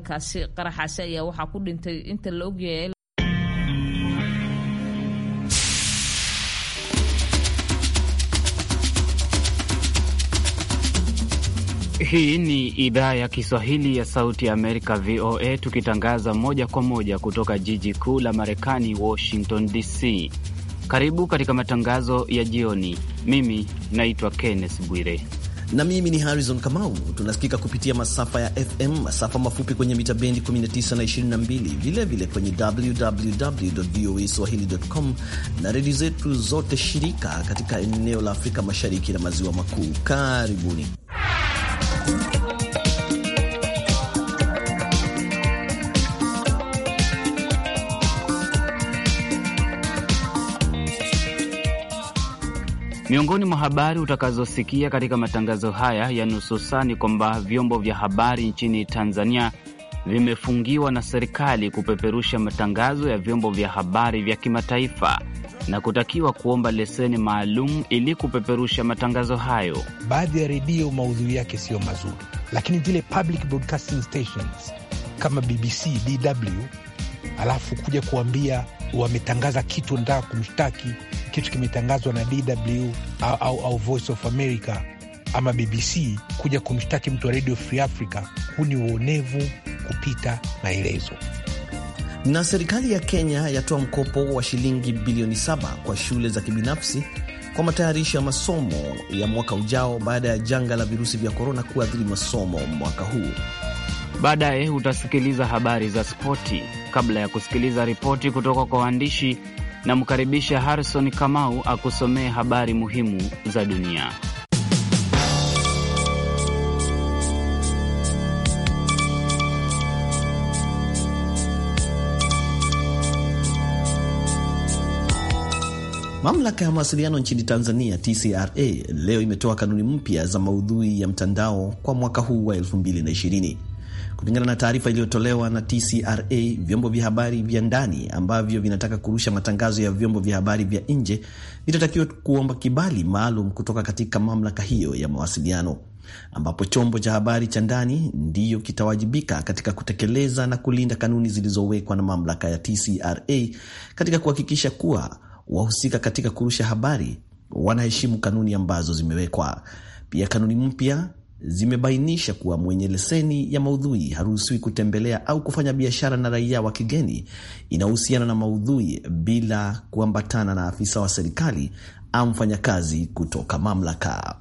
Kaasi qaraxaasi ayaa waxaa ku dhintay inta la ogyahay Hii ni idhaa ya Kiswahili ya Sauti ya Amerika, VOA, tukitangaza moja kwa moja kutoka jiji kuu la Marekani, Washington DC. Karibu katika matangazo ya jioni. Mimi naitwa Kenneth Bwire na mimi ni Harrison Kamau. Tunasikika kupitia masafa ya FM, masafa mafupi kwenye mita bendi 19 na 22, vilevile kwenye www voa swahili.com na redio zetu zote shirika katika eneo la Afrika Mashariki na Maziwa Makuu. Karibuni. Miongoni mwa habari utakazosikia katika matangazo haya ya nusu saa ni kwamba vyombo vya habari nchini Tanzania vimefungiwa na serikali kupeperusha matangazo ya vyombo vya habari vya kimataifa na kutakiwa kuomba leseni maalum ili kupeperusha matangazo hayo. Baadhi ya redio maudhui yake siyo mazuri, lakini zile public broadcasting stations kama BBC, DW, alafu kuja kuambia wametangaza kitu, nataka kumshtaki kitu kimetangazwa na DW au, au, au Voice of America ama BBC kuja kumshtaki mtu wa Radio Free Africa, huu ni uonevu kupita maelezo. Na serikali ya Kenya yatoa mkopo wa shilingi bilioni saba kwa shule za kibinafsi kwa matayarisho ya masomo ya mwaka ujao baada ya janga la virusi vya korona kuathiri masomo mwaka huu. Baadaye utasikiliza habari za spoti kabla ya kusikiliza ripoti kutoka kwa waandishi namkaribisha Harrison Kamau akusomee habari muhimu za dunia. Mamlaka ya mawasiliano nchini Tanzania, TCRA, leo imetoa kanuni mpya za maudhui ya mtandao kwa mwaka huu wa 2020. Kulingana na taarifa iliyotolewa na TCRA, vyombo vya habari vya ndani ambavyo vinataka kurusha matangazo ya vyombo vya habari vya nje vitatakiwa kuomba kibali maalum kutoka katika mamlaka hiyo ya mawasiliano, ambapo chombo cha habari cha ndani ndiyo kitawajibika katika kutekeleza na kulinda kanuni zilizowekwa na mamlaka ya TCRA katika kuhakikisha kuwa wahusika katika kurusha habari wanaheshimu kanuni ambazo zimewekwa. Pia kanuni mpya zimebainisha kuwa mwenye leseni ya maudhui haruhusiwi kutembelea au kufanya biashara na raia wa kigeni inahusiana na maudhui bila kuambatana na afisa wa serikali au mfanyakazi kutoka mamlaka.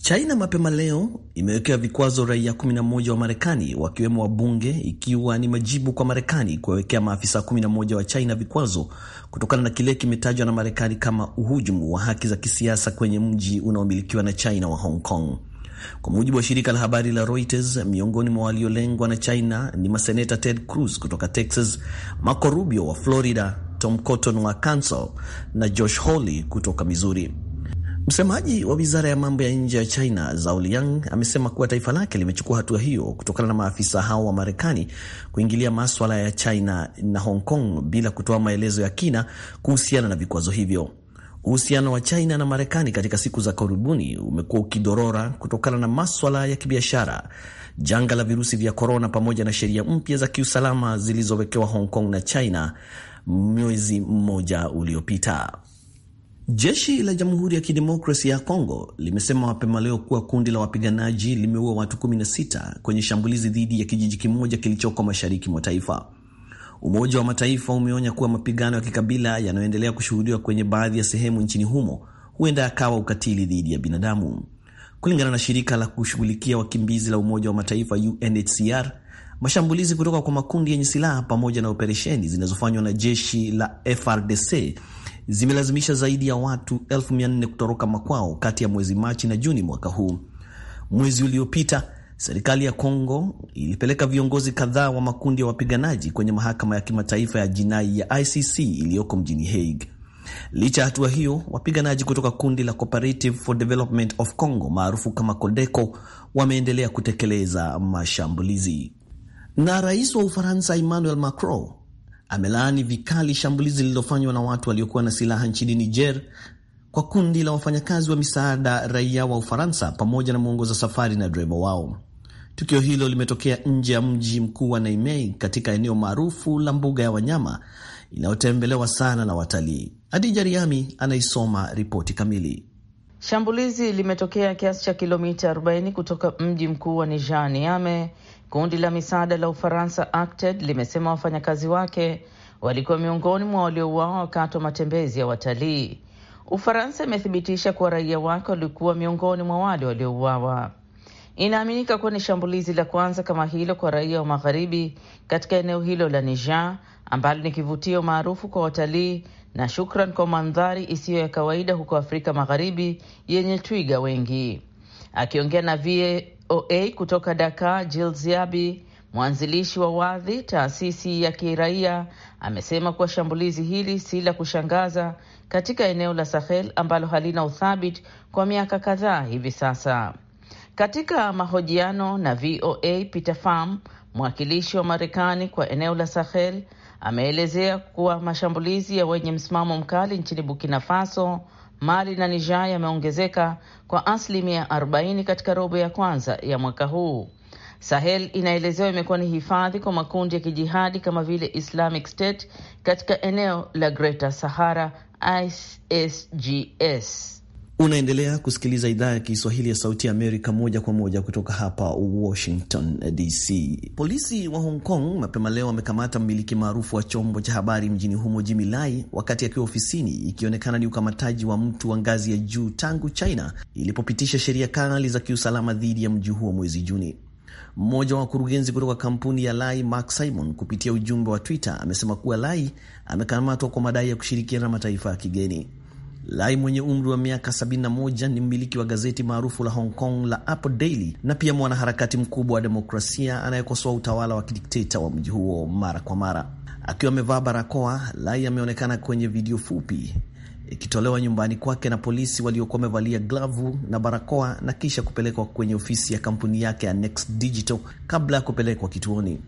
China mapema leo imewekewa vikwazo raia 11 wa Marekani wakiwemo wabunge, ikiwa ni majibu kwa Marekani kuwawekea maafisa 11 wa China vikwazo kutokana na kile kimetajwa na Marekani kama uhujumu wa haki za kisiasa kwenye mji unaomilikiwa na China wa Hong Kong. Kwa mujibu wa shirika la habari la Reuters, miongoni mwa waliolengwa na China ni maseneta Ted Cruz kutoka Texas, Marco Rubio wa Florida, Tom Cotton wa Kansas na Josh Hawley kutoka Missouri. Msemaji wa wizara ya mambo ya nje ya China Zhao Liang amesema kuwa taifa lake limechukua hatua hiyo kutokana na maafisa hao wa Marekani kuingilia maswala ya China na Hong Kong bila kutoa maelezo ya kina kuhusiana na vikwazo hivyo. Uhusiano wa China na Marekani katika siku za karibuni umekuwa ukidorora kutokana na maswala ya kibiashara, janga la virusi vya korona, pamoja na sheria mpya za kiusalama zilizowekewa Hong Kong na China mwezi mmoja uliopita. Jeshi la Jamhuri ya Kidemokrasia ya Kongo limesema mapema leo kuwa kundi la wapiganaji limeua watu 16 kwenye shambulizi dhidi ya kijiji kimoja kilichoko mashariki mwa taifa. Umoja wa Mataifa umeonya kuwa mapigano ya kikabila yanayoendelea kushuhudiwa kwenye baadhi ya sehemu nchini humo huenda yakawa ukatili dhidi ya binadamu. Kulingana na shirika la kushughulikia wakimbizi la Umoja wa Mataifa UNHCR, mashambulizi kutoka kwa makundi yenye silaha pamoja na operesheni zinazofanywa na jeshi la FRDC zimelazimisha zaidi ya watu 1400 kutoroka makwao kati ya mwezi Machi na Juni mwaka huu. Mwezi uliopita Serikali ya Kongo ilipeleka viongozi kadhaa wa makundi ya wapiganaji kwenye mahakama ya kimataifa ya jinai ya ICC iliyoko mjini Hague. Licha ya hatua hiyo, wapiganaji kutoka kundi la Cooperative for Development of Congo maarufu kama Codeco wameendelea kutekeleza mashambulizi. Na rais wa Ufaransa Emmanuel Macron amelaani vikali shambulizi lililofanywa na watu waliokuwa na silaha nchini Niger kwa kundi la wafanyakazi wa misaada raia wa Ufaransa pamoja na mwongoza safari na dereva wao. Tukio hilo limetokea nje ya mji mkuu wa Niamey katika eneo maarufu la mbuga ya wanyama inayotembelewa sana na watalii. Adija Riami anaisoma ripoti kamili. Shambulizi limetokea kiasi cha kilomita 40 kutoka mji mkuu wa Niger, Niame. Kundi la misaada la Ufaransa Acted limesema wafanyakazi wake walikuwa miongoni mwa waliouawa wakati wa matembezi ya watalii. Ufaransa imethibitisha kuwa raia wake walikuwa miongoni mwa wale waliouawa. Inaaminika kuwa ni shambulizi la kwanza kama hilo kwa raia wa magharibi katika eneo hilo la Niger ambalo ni kivutio maarufu kwa watalii na shukran kwa mandhari isiyo ya kawaida huko Afrika Magharibi yenye twiga wengi. Akiongea na VOA kutoka Dakar, Jill Ziabi, mwanzilishi wa Wadhi, taasisi ya kiraia, amesema kuwa shambulizi hili si la kushangaza katika eneo la Sahel ambalo halina uthabiti kwa miaka kadhaa hivi sasa. Katika mahojiano na VOA, Peter Pham, mwakilishi wa Marekani kwa eneo la Sahel, ameelezea kuwa mashambulizi ya wenye msimamo mkali nchini Burkina Faso, Mali na Niger yameongezeka kwa asilimia 40 katika robo ya kwanza ya mwaka huu. Sahel inaelezewa imekuwa ni hifadhi kwa makundi ya kijihadi kama vile Islamic State katika eneo la Greater Sahara ISGS. Unaendelea kusikiliza idhaa ya Kiswahili ya Sauti ya Amerika moja kwa moja kutoka hapa Washington DC. Polisi wa Hong Kong mapema leo wamekamata mmiliki maarufu wa chombo cha habari mjini humo Jimmy Lai wakati akiwa ofisini, ikionekana ni ukamataji wa mtu wa ngazi ya juu tangu China ilipopitisha sheria kali za kiusalama dhidi ya mji huo mwezi Juni. Mmoja wa wakurugenzi kutoka kampuni ya Lai, Mark Simon, kupitia ujumbe wa Twitter amesema kuwa Lai amekamatwa kwa madai ya kushirikiana na mataifa ya kigeni. Lai mwenye umri wa miaka 71 ni mmiliki wa gazeti maarufu la Hong Kong la Apple Daily na pia mwanaharakati mkubwa wa demokrasia anayekosoa utawala wa kidikteta wa mji huo mara kwa mara. Akiwa amevaa barakoa, Lai ameonekana kwenye video fupi ikitolewa nyumbani kwake na polisi waliokuwa wamevalia glavu na barakoa na kisha kupelekwa kwenye ofisi ya kampuni yake ya Next Digital kabla ya kupelekwa kituoni.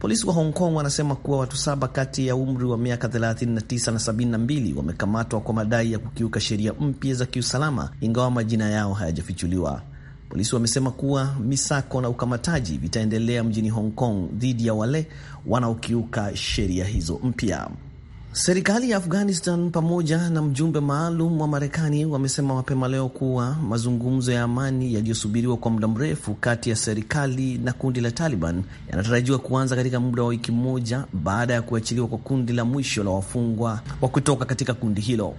Polisi wa Hong Kong wanasema kuwa watu saba kati ya umri wa miaka 39 na 72 wamekamatwa kwa madai ya kukiuka sheria mpya za kiusalama, ingawa majina yao hayajafichuliwa. Polisi wamesema kuwa misako na ukamataji vitaendelea mjini Hong Kong dhidi ya wale wanaokiuka sheria hizo mpya. Serikali ya Afghanistan pamoja na mjumbe maalum wa Marekani wamesema mapema leo kuwa mazungumzo ya amani yaliyosubiriwa kwa muda mrefu kati ya serikali na kundi la Taliban yanatarajiwa kuanza katika muda wa wiki moja baada ya kuachiliwa kwa kundi la mwisho la wafungwa wa kutoka katika kundi hilo.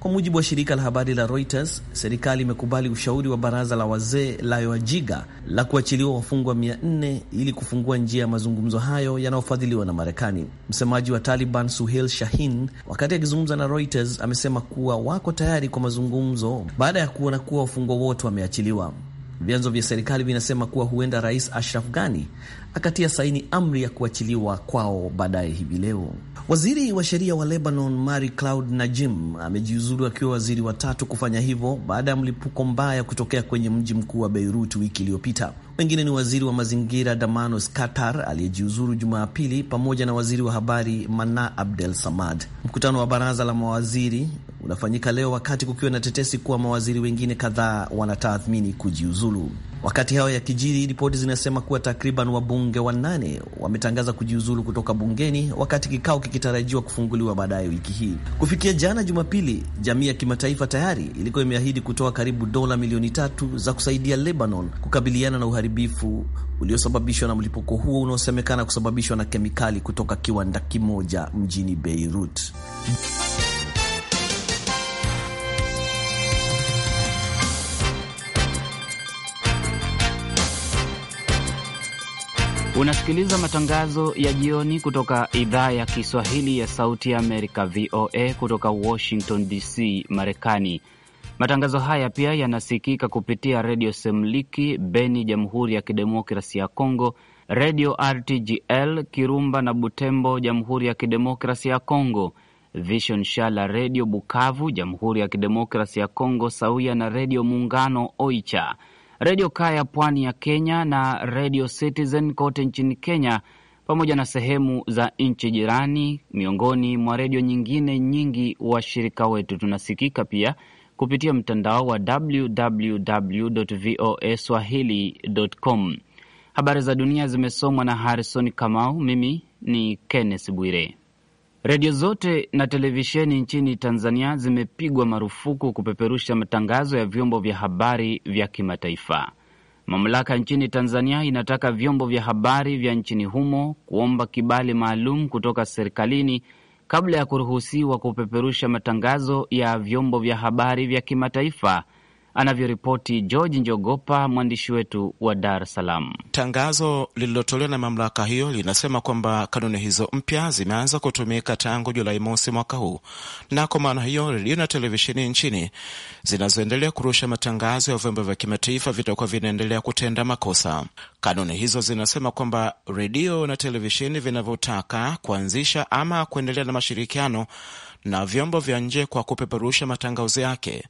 Kwa mujibu wa shirika la habari la Reuters, serikali imekubali ushauri wa baraza la wazee la Yoajiga la kuachiliwa wafungwa 400 ili kufungua njia ya mazungumzo hayo yanayofadhiliwa na Marekani. Msemaji wa Taliban Suhail Shahin, wakati akizungumza na Reuters, amesema kuwa wako tayari kwa mazungumzo baada ya kuona kuwa wafungwa wote wameachiliwa. Vyanzo vya serikali vinasema kuwa huenda Rais Ashraf Ghani akatia saini amri ya kuachiliwa kwao baadaye hivi leo. Waziri wa sheria wa Lebanon Mari Cloud Najim amejiuzulu akiwa waziri wa tatu kufanya hivyo baada ya mlipuko mbaya kutokea kwenye mji mkuu wa Beirut wiki iliyopita. Wengine ni waziri wa mazingira Damanos Katar aliyejiuzuru Jumapili pamoja na waziri wa habari Mana Abdel Samad. Mkutano wa baraza la mawaziri unafanyika leo wakati kukiwa na tetesi kuwa mawaziri wengine kadhaa wanatathmini kujiuzulu. Wakati hayo yakijiri, ripoti zinasema kuwa takriban wabunge wanane wametangaza kujiuzulu kutoka bungeni, wakati kikao kikitarajiwa kufunguliwa baadaye wiki hii. Kufikia jana Jumapili, jamii ya kimataifa tayari ilikuwa imeahidi kutoa karibu dola milioni tatu za kusaidia Lebanon kukabiliana na uharibifu uliosababishwa na mlipuko huo unaosemekana kusababishwa na kemikali kutoka kiwanda kimoja mjini Beirut. Unasikiliza matangazo ya jioni kutoka idhaa ya Kiswahili ya Sauti ya Amerika, VOA, kutoka Washington DC, Marekani. Matangazo haya pia yanasikika kupitia Redio Semliki Beni, Jamhuri ya Kidemokrasi ya Kongo, Redio RTGL Kirumba na Butembo, Jamhuri ya Kidemokrasi ya Kongo, Vision Shala Redio Bukavu, Jamhuri ya Kidemokrasi ya Kongo sawia na Redio Muungano Oicha Redio Kaya pwani ya Kenya na Redio Citizen kote nchini Kenya pamoja na sehemu za nchi jirani, miongoni mwa redio nyingine nyingi washirika wetu. Tunasikika pia kupitia mtandao wa www voa swahili.com. Habari za dunia zimesomwa na Harrison Kamau. Mimi ni Kenneth Bwire. Redio zote na televisheni nchini Tanzania zimepigwa marufuku kupeperusha matangazo ya vyombo vya habari vya kimataifa. Mamlaka nchini Tanzania inataka vyombo vya habari vya nchini humo kuomba kibali maalum kutoka serikalini kabla ya kuruhusiwa kupeperusha matangazo ya vyombo vya habari vya kimataifa anavyoripoti George Njogopa, mwandishi wetu wa Dar es Salaam. Tangazo lililotolewa na mamlaka hiyo linasema kwamba kanuni hizo mpya zimeanza kutumika tangu Julai mosi mwaka huu, na kwa maana hiyo redio na televisheni nchini zinazoendelea kurusha matangazo ya vyombo vya kimataifa vitakuwa vinaendelea kutenda makosa. Kanuni hizo zinasema kwamba redio na televisheni vinavyotaka kuanzisha ama kuendelea na mashirikiano na vyombo vya nje kwa kupeperusha matangazo yake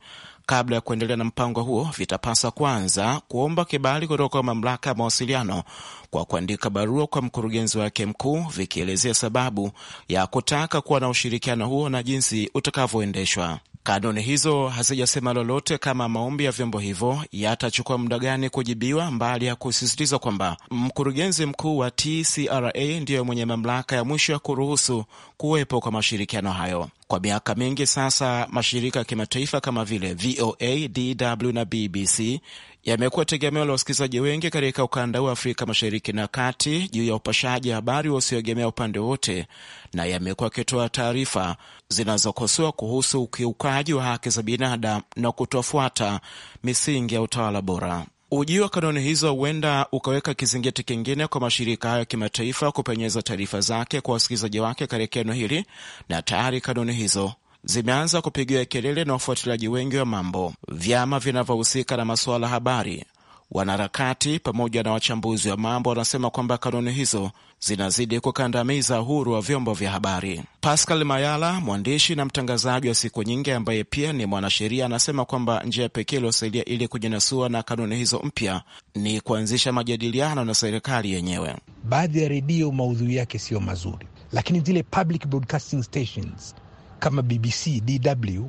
Kabla ya kuendelea na mpango huo, vitapaswa kwanza kuomba kibali kutoka kwa mamlaka ya mawasiliano kwa kuandika barua kwa mkurugenzi wake mkuu, vikielezea sababu ya kutaka kuwa na ushirikiano huo na jinsi utakavyoendeshwa. Kanuni hizo hazijasema lolote kama maombi ya vyombo hivyo yatachukua muda gani kujibiwa, mbali ya kusisitiza kwamba mkurugenzi mkuu wa TCRA ndiyo mwenye mamlaka ya mwisho ya kuruhusu kuwepo kwa mashirikiano hayo. Kwa miaka mingi sasa, mashirika ya kimataifa kama vile VOA, DW na BBC yamekuwa tegemeo la wasikilizaji wengi katika ukanda wa Afrika Mashariki na Kati juu ya upashaji habari wasioegemea upande wote, na yamekuwa akitoa taarifa zinazokosoa kuhusu ukiukaji wa haki za binadamu na kutofuata misingi ya utawala bora. Ujio wa kanuni hizo huenda ukaweka kizingiti kingine kwa mashirika hayo ya kimataifa kupenyeza taarifa zake kwa wasikilizaji wake katika eneo hili, na tayari kanuni hizo zimeanza kupigiwa kelele na wafuatiliaji wengi wa mambo, vyama vinavyohusika na masuala habari, wanaharakati pamoja na wachambuzi wa mambo. Wanasema kwamba kanuni hizo zinazidi kukandamiza uhuru wa vyombo vya habari. Pascal Mayala, mwandishi na mtangazaji wa siku nyingi ambaye pia ni mwanasheria, anasema kwamba njia pekee iliyosaidia ili kujinasua na kanuni hizo mpya ni kuanzisha majadiliano na serikali yenyewe. Baadhi ya redio maudhui yake siyo mazuri, lakini zile public broadcasting stations kama BBC, DW,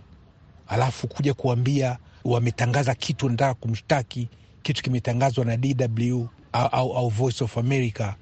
alafu kuja kuambia wametangaza kitu, nataka kumshtaki kitu kimetangazwa na DW au, au, au Voice of America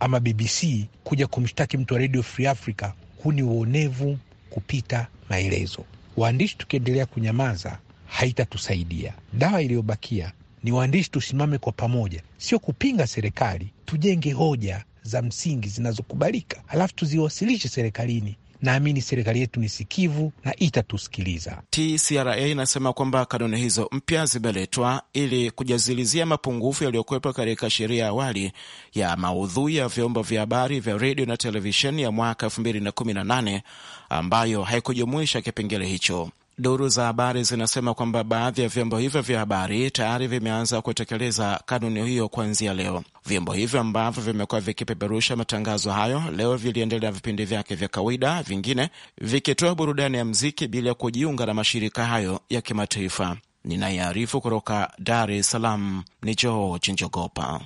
ama BBC, kuja kumshtaki mtu wa Radio Free Africa. Huu ni uonevu kupita maelezo. Waandishi tukiendelea kunyamaza haitatusaidia. Dawa iliyobakia ni waandishi tusimame kwa pamoja, sio kupinga serikali. Tujenge hoja za msingi zinazokubalika, alafu tuziwasilishe serikalini Naamini serikali yetu ni sikivu na itatusikiliza. TCRA inasema kwamba kanuni hizo mpya zimeletwa ili kujazilizia mapungufu yaliyokuwepo katika sheria ya awali ya maudhui ya vyombo vya habari vya redio na televisheni ya mwaka 2018 ambayo haikujumuisha kipengele hicho. Duru za habari zinasema kwamba baadhi ya vyombo hivyo vya habari tayari vimeanza kutekeleza kanuni hiyo kuanzia leo. Vyombo hivyo ambavyo vimekuwa vikipeperusha matangazo hayo leo viliendelea vipindi vyake vya kawaida, vingine vikitoa burudani ya mziki bila kujiunga na mashirika hayo ya kimataifa. Ninayearifu kutoka Dar es Salaam ni George Njogopa.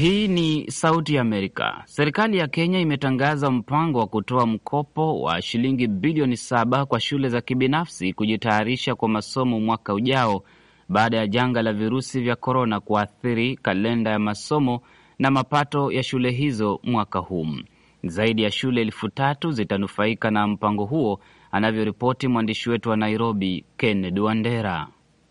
Hii ni Sauti ya Amerika. Serikali ya Kenya imetangaza mpango wa kutoa mkopo wa shilingi bilioni saba kwa shule za kibinafsi kujitayarisha kwa masomo mwaka ujao baada ya janga la virusi vya korona kuathiri kalenda ya masomo na mapato ya shule hizo mwaka huu. Zaidi ya shule elfu tatu zitanufaika na mpango huo, anavyoripoti mwandishi wetu wa Nairobi, Kennedy Wandera.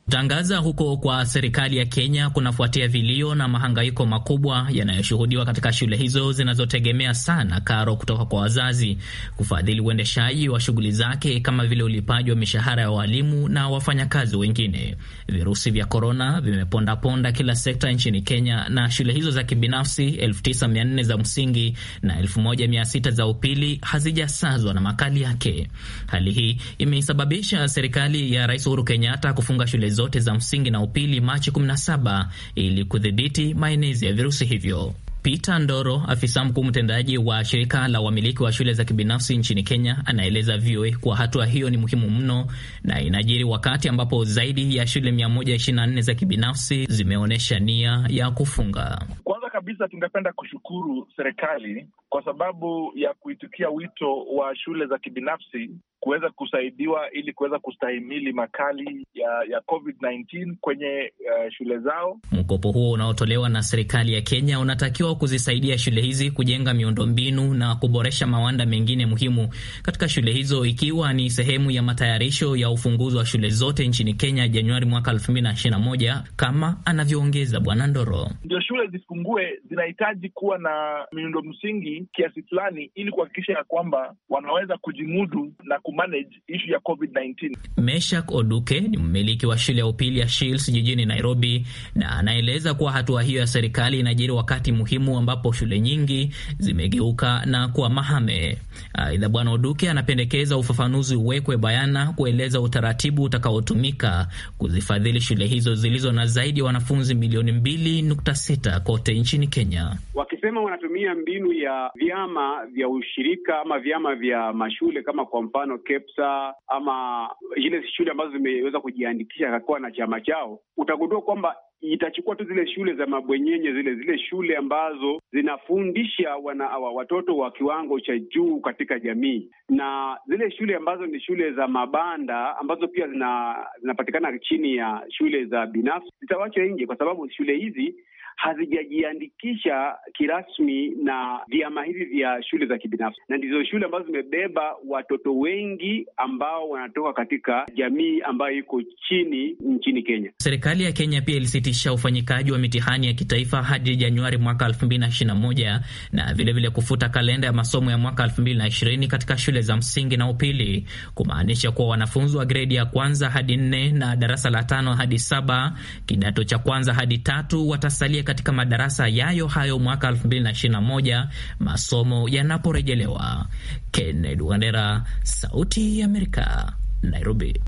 Tangaza huko kwa serikali ya Kenya kunafuatia vilio na mahangaiko makubwa yanayoshuhudiwa katika shule hizo zinazotegemea sana karo kutoka kwa wazazi kufadhili uendeshaji wa shughuli zake kama vile ulipaji wa mishahara ya walimu na wafanyakazi wengine. Virusi vya korona vimepondaponda kila sekta nchini Kenya, na shule hizo za kibinafsi 9400 za msingi na 1600 za upili hazijasazwa na makali yake. Hali hii imeisababisha serikali ya Rais Uhuru Kenyatta kufunga shule zote za msingi na upili Machi 17 ili kudhibiti maenezi ya virusi hivyo. Peter Ndoro, afisa mkuu mtendaji wa shirika la wamiliki wa shule za kibinafsi nchini Kenya, anaeleza VOA kuwa hatua hiyo ni muhimu mno na inajiri wakati ambapo zaidi ya shule 124 za kibinafsi zimeonyesha nia ya kufunga. Kwanza kabisa, tungependa kushukuru serikali kwa sababu ya kuitikia wito wa shule za kibinafsi kuweza kusaidiwa ili kuweza kustahimili makali ya, ya COVID-19 kwenye uh, shule zao. Mkopo huo unaotolewa na serikali ya Kenya unatakiwa kuzisaidia shule hizi kujenga miundombinu na kuboresha mawanda mengine muhimu katika shule hizo, ikiwa ni sehemu ya matayarisho ya ufunguzi wa shule zote nchini Kenya Januari mwaka 2021 kama anavyoongeza Bwana Ndoro. Ndio shule zifungue, zinahitaji kuwa na miundo msingi kiasi fulani, ili kuhakikisha ya kwamba wanaweza kujimudu na kumanage ishu ya COVID-19. Meshak Oduke ni mmiliki wa shule ya upili ya Shields jijini Nairobi, na anaeleza kuwa hatua hiyo ya serikali inajiri wakati muhimu ambapo shule nyingi zimegeuka na kuwa mahame. Aidha, Bwana Oduke anapendekeza ufafanuzi uwekwe bayana kueleza utaratibu utakaotumika kuzifadhili shule hizo zilizo na zaidi ya wanafunzi milioni mbili nukta sita kote nchini Kenya. Wakisema wanatumia mbinu ya vyama vya ushirika ama vyama vya mashule kama kwa mfano KEPSA ama zile shule ambazo zimeweza kujiandikisha kakuwa na chama chao, utagundua kwamba itachukua tu zile shule za mabwenyenye zile zile shule ambazo zinafundisha wana watoto wa kiwango cha juu katika jamii, na zile shule ambazo ni shule za mabanda ambazo pia zina, zinapatikana chini ya shule za binafsi zitawachwa nje, kwa sababu shule hizi hazijajiandikisha kirasmi na vyama hivi vya shule za kibinafsi, na ndizo shule ambazo zimebeba watoto wengi ambao wanatoka katika jamii ambayo iko chini nchini Kenya. Serikali ya Kenya pia ilisitisha ufanyikaji wa mitihani ya kitaifa hadi Januari mwaka elfu mbili na ishirini na moja na vilevile kufuta kalenda ya masomo ya mwaka elfu mbili na ishirini katika shule za msingi na upili, kumaanisha kuwa wanafunzi wa gredi ya kwanza hadi nne na darasa la tano hadi saba kidato cha kwanza hadi tatu watasalia katika madarasa yayo hayo mwaka 2021 masomo yanaporejelewa. Kennedy Wandera, Sauti ya Amerika, Nairobi.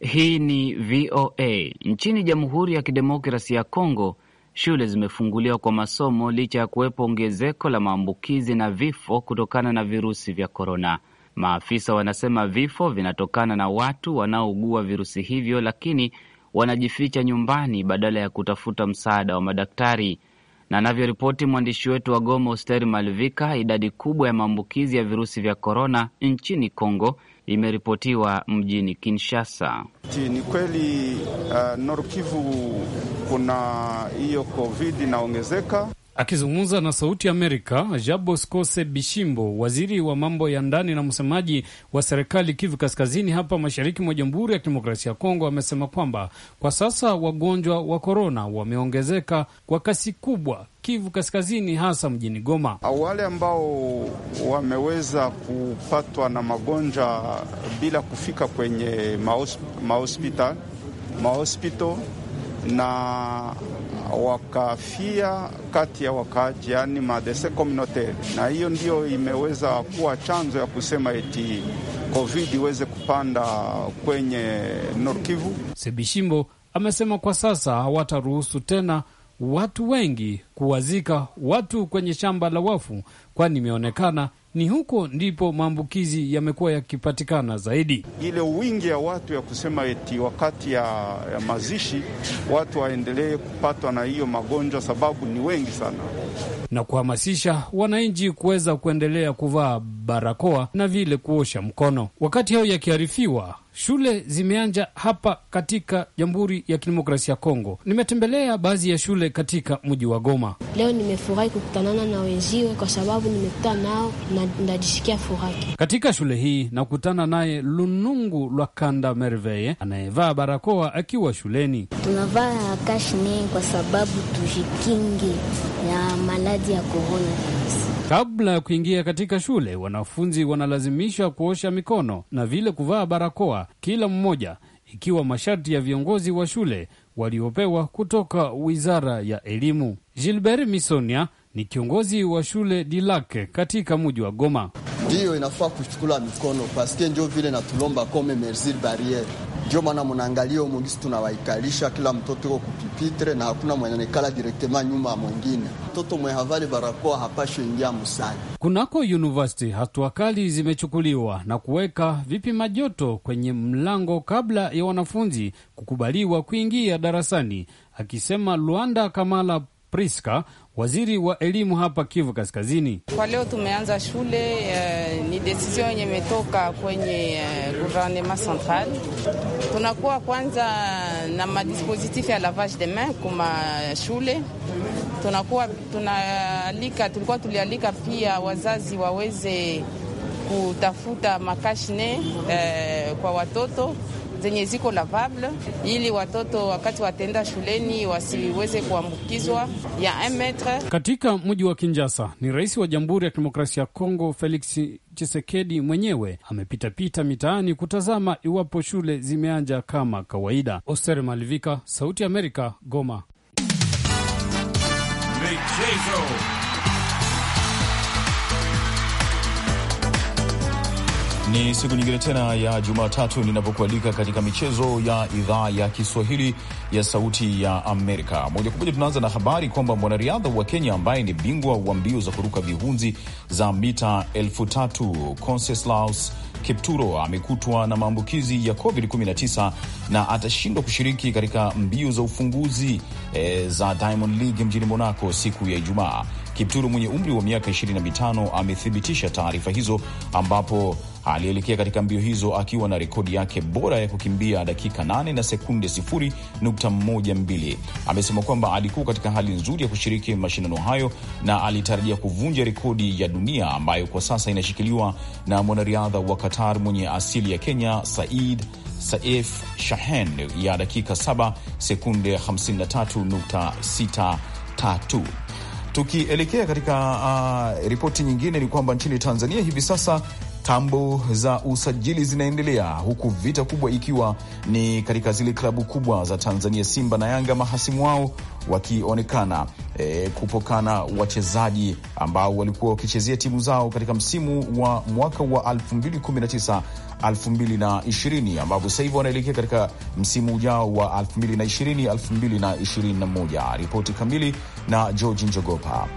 Hii ni VOA. Nchini Jamhuri ya Kidemokrasi ya congo shule zimefunguliwa kwa masomo licha ya kuwepo ongezeko la maambukizi na vifo kutokana na virusi vya korona. Maafisa wanasema vifo vinatokana na watu wanaougua virusi hivyo, lakini wanajificha nyumbani badala ya kutafuta msaada wa madaktari. Na anavyoripoti mwandishi wetu wa Goma, Hosteri Malvika, idadi kubwa ya maambukizi ya virusi vya korona nchini Kongo imeripotiwa mjini Kinshasa. Ni kweli uh, Norkivu kuna hiyo covid inaongezeka. Akizungumza na Sauti ya Amerika, Jabo Skose Bishimbo, waziri wa mambo ya ndani na msemaji wa serikali Kivu Kaskazini hapa mashariki mwa Jamhuri ya Kidemokrasia ya Kongo, amesema kwamba kwa sasa wagonjwa wa korona wameongezeka kwa kasi kubwa Kivu Kaskazini, hasa mjini Goma. Wale ambao wameweza kupatwa na magonjwa bila kufika kwenye mahospital mahospito na wakafia kati ya wakaaji, yaani madese communautaire, na hiyo ndio imeweza kuwa chanzo ya kusema eti covid iweze kupanda kwenye Norkivu. Sebishimbo amesema kwa sasa hawataruhusu tena watu wengi kuwazika watu kwenye shamba la wafu, kwani imeonekana ni huko ndipo maambukizi yamekuwa yakipatikana zaidi. Ile wingi ya watu ya kusema eti wakati ya, ya mazishi watu waendelee kupatwa na hiyo magonjwa, sababu ni wengi sana na kuhamasisha wananchi kuweza kuendelea kuvaa barakoa na vile kuosha mkono. Wakati hayo yakiharifiwa shule zimeanja hapa katika Jamhuri ya Kidemokrasia ya Kongo. Nimetembelea baadhi ya shule katika mji wa Goma. Leo nimefurahi kukutanana na wenziwe kwa sababu nimekuta nao na najisikia furaha. Katika shule hii nakutana naye Lunungu Lwa Kanda Merveye anayevaa barakoa akiwa shuleni. Tunavaa kashne kwa sababu tujikinge na maradhi ya korona Kabla ya kuingia katika shule, wanafunzi wanalazimishwa kuosha mikono na vile kuvaa barakoa, kila mmoja, ikiwa masharti ya viongozi wa shule waliopewa kutoka wizara ya elimu. Gilbert Misonia ni kiongozi wa shule Dilake katika muji wa Goma. Ndiyo inafaa kuchukula mikono paske njo vile natulomba kome merzir barriere ndio maana mnaangalia humu tunawaikalisha kila mtoto yuko kupipitre na hakuna mwenye anekala direktema nyuma mwingine. Mtoto mwe havali barakoa hapashwi ingia musani. Kunako university hatua kali zimechukuliwa na kuweka vipima joto kwenye mlango kabla ya wanafunzi kukubaliwa kuingia darasani, akisema Luanda Kamala Priska, waziri wa elimu hapa Kivu Kaskazini. Kwa leo tumeanza shule. eh, ni desizio yenye imetoka kwenye eh, gouvernement central Tunakuwa kwanza na madispositif ya lavage de main kuma shule tunakuwa tunaalika, tulikuwa tulialika pia wazazi waweze kutafuta makashne eh, kwa watoto zenye ziko lavable ili watoto wakati watenda shuleni wasiweze kuambukizwa ya 1 metre. Katika mji wa Kinjasa ni rais wa Jamhuri ya Kidemokrasia ya Kongo Felix Chisekedi mwenyewe amepitapita mitaani kutazama iwapo shule zimeanja kama kawaida. Oser Malivika, Sauti Amerika, Goma. Michezo. Ni siku nyingine tena ya Jumatatu ninapokualika katika michezo ya idhaa ya Kiswahili ya Sauti ya Amerika. Moja kwa moja tunaanza na habari kwamba mwanariadha wa Kenya ambaye ni bingwa wa mbio za kuruka vihunzi za mita elfu tatu Conseslaus Kipturo amekutwa na maambukizi ya COVID-19 na atashindwa kushiriki katika mbio za ufunguzi e, za Diamond League mjini Monaco siku ya Ijumaa. Kipturo mwenye umri wa miaka 25 amethibitisha taarifa hizo ambapo alielekea katika mbio hizo akiwa na rekodi yake bora ya kukimbia dakika 8 na sekunde 0.12. Amesema kwamba alikuwa katika hali nzuri ya kushiriki mashindano hayo na alitarajia kuvunja rekodi ya dunia ambayo kwa sasa inashikiliwa na mwanariadha wa Qatar mwenye asili ya Kenya Said Saif Shahen ya dakika 7 sekunde 53.63. Tukielekea katika uh, ripoti nyingine ni kwamba nchini Tanzania hivi sasa Tambo za usajili zinaendelea huku vita kubwa ikiwa ni katika zile klabu kubwa za Tanzania, Simba na Yanga, mahasimu wao wakionekana e, kupokana wachezaji ambao walikuwa wakichezea timu zao katika msimu wa mwaka wa 2019 2020, ambapo sasa hivi wanaelekea katika msimu ujao wa 2020 2021. Ripoti kamili na George Njogopa.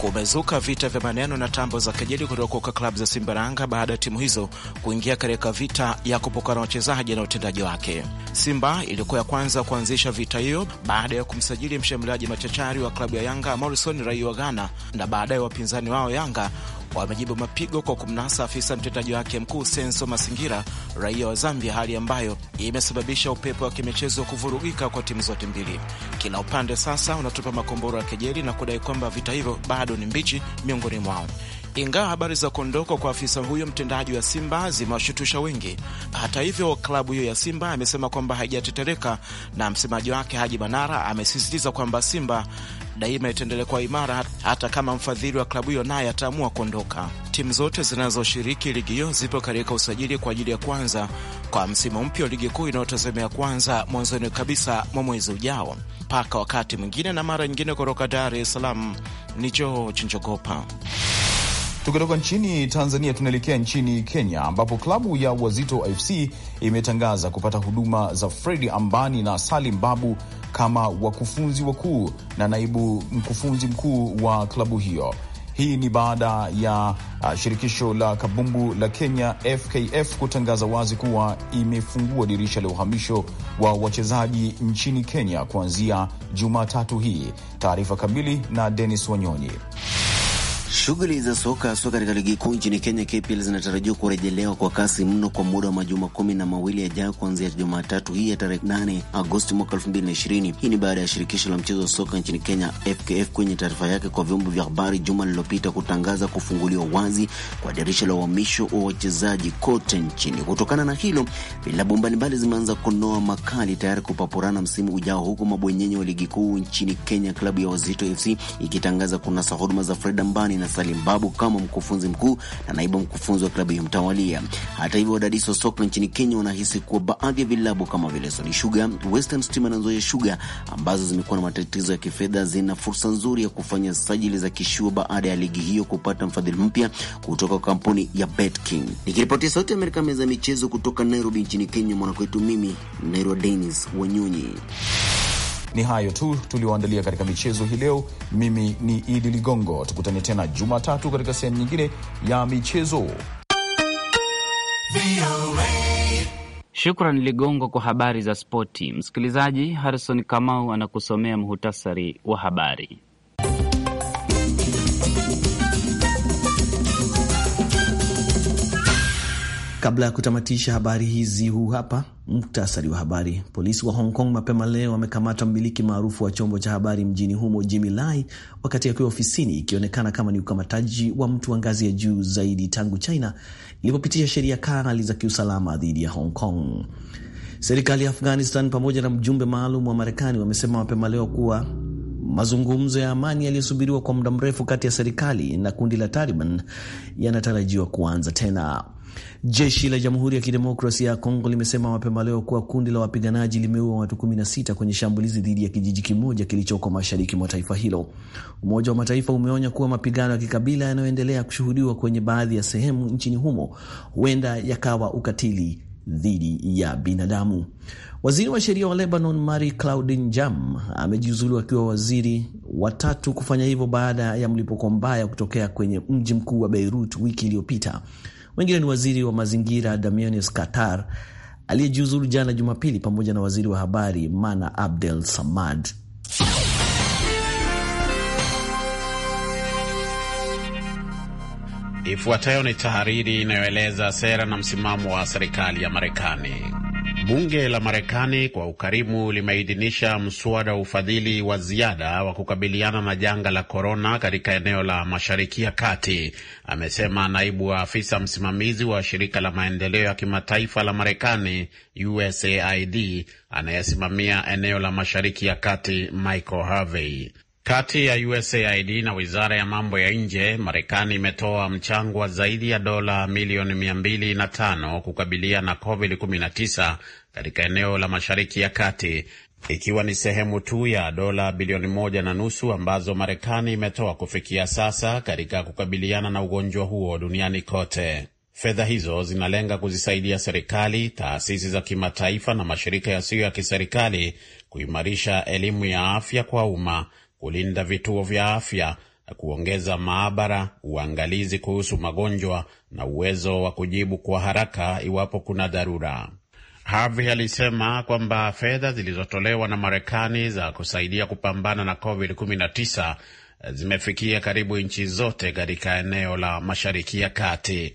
Kumezuka vita vya maneno na tambo za kejeli kutoka kwa klabu za Simbaranga baada ya timu hizo kuingia katika vita ya kupokana wachezaji na utendaji wake. Simba ilikuwa ya kwanza kuanzisha vita hiyo baada ya kumsajili mshambuliaji machachari wa klabu ya Yanga Morrison raia wa Ghana, na baadaye wapinzani wao Yanga wamejibu mapigo kwa kumnasa afisa mtendaji wake mkuu Senso Masingira, raia wa Zambia, hali ambayo imesababisha upepo wa kimichezo kuvurugika kwa timu zote mbili. Kila upande sasa unatupa makombora ya kejeli na kudai kwamba vita hivyo bado ni mbichi miongoni mwao. Ingawa habari za kuondoka kwa afisa huyo mtendaji wa Simba zimewashutusha wengi, hata hivyo klabu hiyo ya Simba amesema kwamba haijatetereka, na msemaji wake Haji Manara amesisitiza kwamba Simba daima itaendelea kuwa imara hata kama mfadhili wa klabu hiyo naye ataamua kuondoka. Timu zote zinazoshiriki ligi hiyo zipo katika usajili kwa ajili ya kuanza kwa msimu mpya wa ligi kuu inayotazamia kuanza mwanzoni kabisa mwa mwezi ujao. Mpaka wakati mwingine na mara nyingine, kutoka Dar es Salaam ni Joo Chinjogopa. Tukitoka nchini Tanzania tunaelekea nchini Kenya ambapo klabu ya Wazito FC imetangaza kupata huduma za Fredi Ambani na Salim Babu kama wakufunzi wakuu na naibu mkufunzi mkuu wa klabu hiyo. Hii ni baada ya uh, shirikisho la kabumbu la Kenya FKF kutangaza wazi kuwa imefungua dirisha la uhamisho wa wachezaji nchini Kenya kuanzia Jumatatu hii. Taarifa kamili na Denis Wanyonyi. Shughuli za soka haswa katika ligi kuu nchini Kenya, KPL, zinatarajiwa kurejelewa kwa kasi mno kwa muda wa majuma kumi na mawili yajayo kuanzia Jumatatu hii ya tarehe 8 Agosti mwaka 2020. Hii ni baada ya shirikisho la mchezo wa soka nchini Kenya, FKF, kwenye taarifa yake kwa vyombo vya habari juma lililopita kutangaza kufunguliwa wazi kwa dirisha la uhamisho wa wachezaji kote nchini. Kutokana na hilo, vilabu mbalimbali zimeanza kunoa makali tayari kupapurana msimu ujao, huku mabwenyenye wa ligi kuu nchini Kenya, klabu ya Wazito FC ikitangaza kunasa huduma za Fred Mbani na Salim Babu kama mkufunzi mkuu na naibu mkufunzi wa klabu hiyo mtawalia. Hata hivyo, wadadisi wa soka nchini Kenya wanahisi kuwa baadhi ya vilabu kama vile Sony Sugar, Western Stima na Nzoia Sugar ambazo zimekuwa na matatizo ya kifedha zina fursa nzuri ya kufanya sajili za kishua baada ya ligi hiyo kupata mfadhili mpya kutoka kampuni ya Betking. Nikiripotia Sauti ya Amerika, meza ya michezo kutoka Nairobi nchini Kenya, mwanakwetu mimi Nairwa Denis Wanyonyi. Ni hayo tu tulioandalia katika michezo hii leo. Mimi ni Idi Ligongo, tukutane tena Jumatatu katika sehemu nyingine ya michezo. Shukran Ligongo kwa habari za spoti. Msikilizaji, Harison Kamau anakusomea muhutasari wa habari. Kabla ya kutamatisha habari hizi, huu hapa muktasari wa habari. Polisi wa Hong Kong mapema leo wamekamata mmiliki maarufu wa chombo cha habari mjini humo Jimmy Lai wakati akiwa ofisini, ikionekana kama ni ukamataji wa mtu wa ngazi ya juu zaidi tangu China ilipopitisha sheria kali za kiusalama dhidi ya Hong Kong. Serikali ya Afghanistan pamoja na mjumbe maalum wa Marekani wamesema mapema leo kuwa mazungumzo ya amani yaliyosubiriwa kwa muda mrefu kati ya serikali na kundi la Taliban yanatarajiwa kuanza tena. Jeshi la Jamhuri ya Kidemokrasia ya Kongo limesema mapema leo kuwa kundi la wapiganaji limeua watu 16 kwenye shambulizi dhidi ya kijiji kimoja kilichoko mashariki mwa taifa hilo. Umoja wa Mataifa umeonya kuwa mapigano ya kikabila yanayoendelea kushuhudiwa kwenye baadhi ya sehemu nchini humo huenda yakawa ukatili dhidi ya binadamu. Waziri wa sheria wa Lebanon, Mari Claudin Jam, amejiuzulu akiwa waziri watatu kufanya hivyo baada ya mlipuko mbaya kutokea kwenye mji mkuu wa Beirut wiki iliyopita wengine ni waziri wa mazingira Damianus qatar aliyejiuzulu jana Jumapili, pamoja na waziri wa habari Mana Abdel Samad. Ifuatayo ni tahariri inayoeleza sera na msimamo wa serikali ya Marekani. Bunge la Marekani kwa ukarimu limeidhinisha mswada wa ufadhili wa ziada wa kukabiliana na janga la korona katika eneo la Mashariki ya Kati, amesema naibu wa afisa msimamizi wa shirika la maendeleo ya kimataifa la Marekani USAID anayesimamia eneo la Mashariki ya Kati Michael Harvey. Kati ya USAID na wizara ya mambo ya nje, Marekani imetoa mchango wa zaidi ya dola milioni 205 kukabilia na COVID-19 katika eneo la Mashariki ya Kati, ikiwa ni sehemu tu ya dola bilioni moja na nusu ambazo Marekani imetoa kufikia sasa katika kukabiliana na ugonjwa huo duniani kote. Fedha hizo zinalenga kuzisaidia serikali, taasisi za kimataifa na mashirika yasiyo ya kiserikali kuimarisha elimu ya afya kwa umma, kulinda vituo vya afya, kuongeza maabara, uangalizi kuhusu magonjwa na uwezo wa kujibu kwa haraka iwapo kuna dharura. Harvey alisema kwamba fedha zilizotolewa na Marekani za kusaidia kupambana na COVID-19 zimefikia karibu nchi zote katika eneo la Mashariki ya Kati.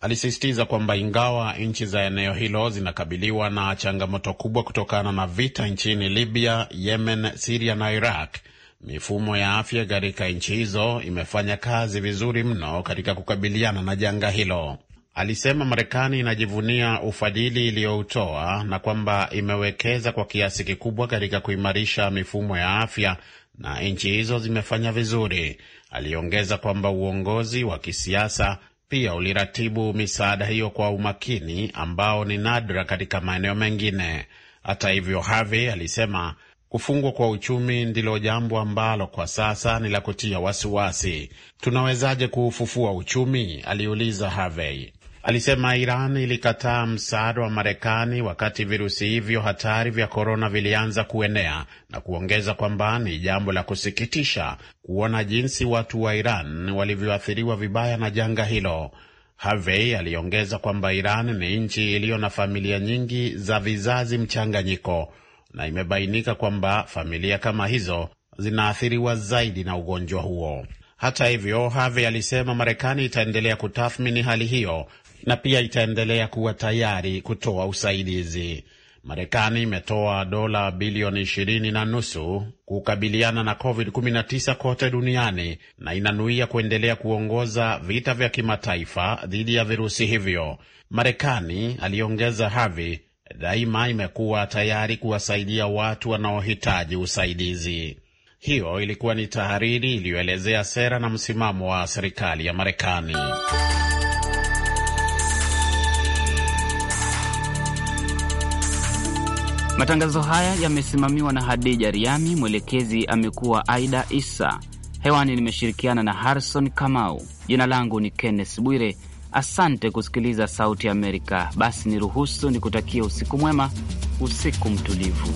Alisisitiza kwamba ingawa nchi za eneo hilo zinakabiliwa na changamoto kubwa kutokana na vita nchini Libya, Yemen, Siria na Iraq, mifumo ya afya katika nchi hizo imefanya kazi vizuri mno katika kukabiliana na janga hilo alisema Marekani inajivunia ufadhili iliyoutoa na kwamba imewekeza kwa kiasi kikubwa katika kuimarisha mifumo ya afya na nchi hizo zimefanya vizuri. Aliongeza kwamba uongozi wa kisiasa pia uliratibu misaada hiyo kwa umakini ambao ni nadra katika maeneo mengine. Hata hivyo, Harvey alisema kufungwa kwa uchumi ndilo jambo ambalo kwa sasa ni la kutia wasiwasi. Tunawezaje kuufufua uchumi? aliuliza Harvey alisema Iran ilikataa msaada wa Marekani wakati virusi hivyo hatari vya korona vilianza kuenea na kuongeza kwamba ni jambo la kusikitisha kuona jinsi watu wa Iran walivyoathiriwa vibaya na janga hilo. Harvey aliongeza kwamba Iran ni nchi iliyo na familia nyingi za vizazi mchanganyiko na imebainika kwamba familia kama hizo zinaathiriwa zaidi na ugonjwa huo. Hata hivyo, Harvey alisema Marekani itaendelea kutathmini hali hiyo na pia itaendelea kuwa tayari kutoa usaidizi. Marekani imetoa dola bilioni ishirini na nusu kukabiliana na COVID-19 kote duniani na inanuia kuendelea kuongoza vita vya kimataifa dhidi ya virusi hivyo. Marekani, aliongeza Havi, daima imekuwa tayari kuwasaidia watu wanaohitaji usaidizi. Hiyo ilikuwa ni tahariri iliyoelezea sera na msimamo wa serikali ya Marekani. Matangazo haya yamesimamiwa na Hadija Riami, mwelekezi amekuwa Aida isa Hewani nimeshirikiana na Harrison Kamau. Jina langu ni Kenneth Bwire. Asante kusikiliza Sauti ya Amerika. Basi niruhusu kutakia usiku mwema, usiku mtulivu.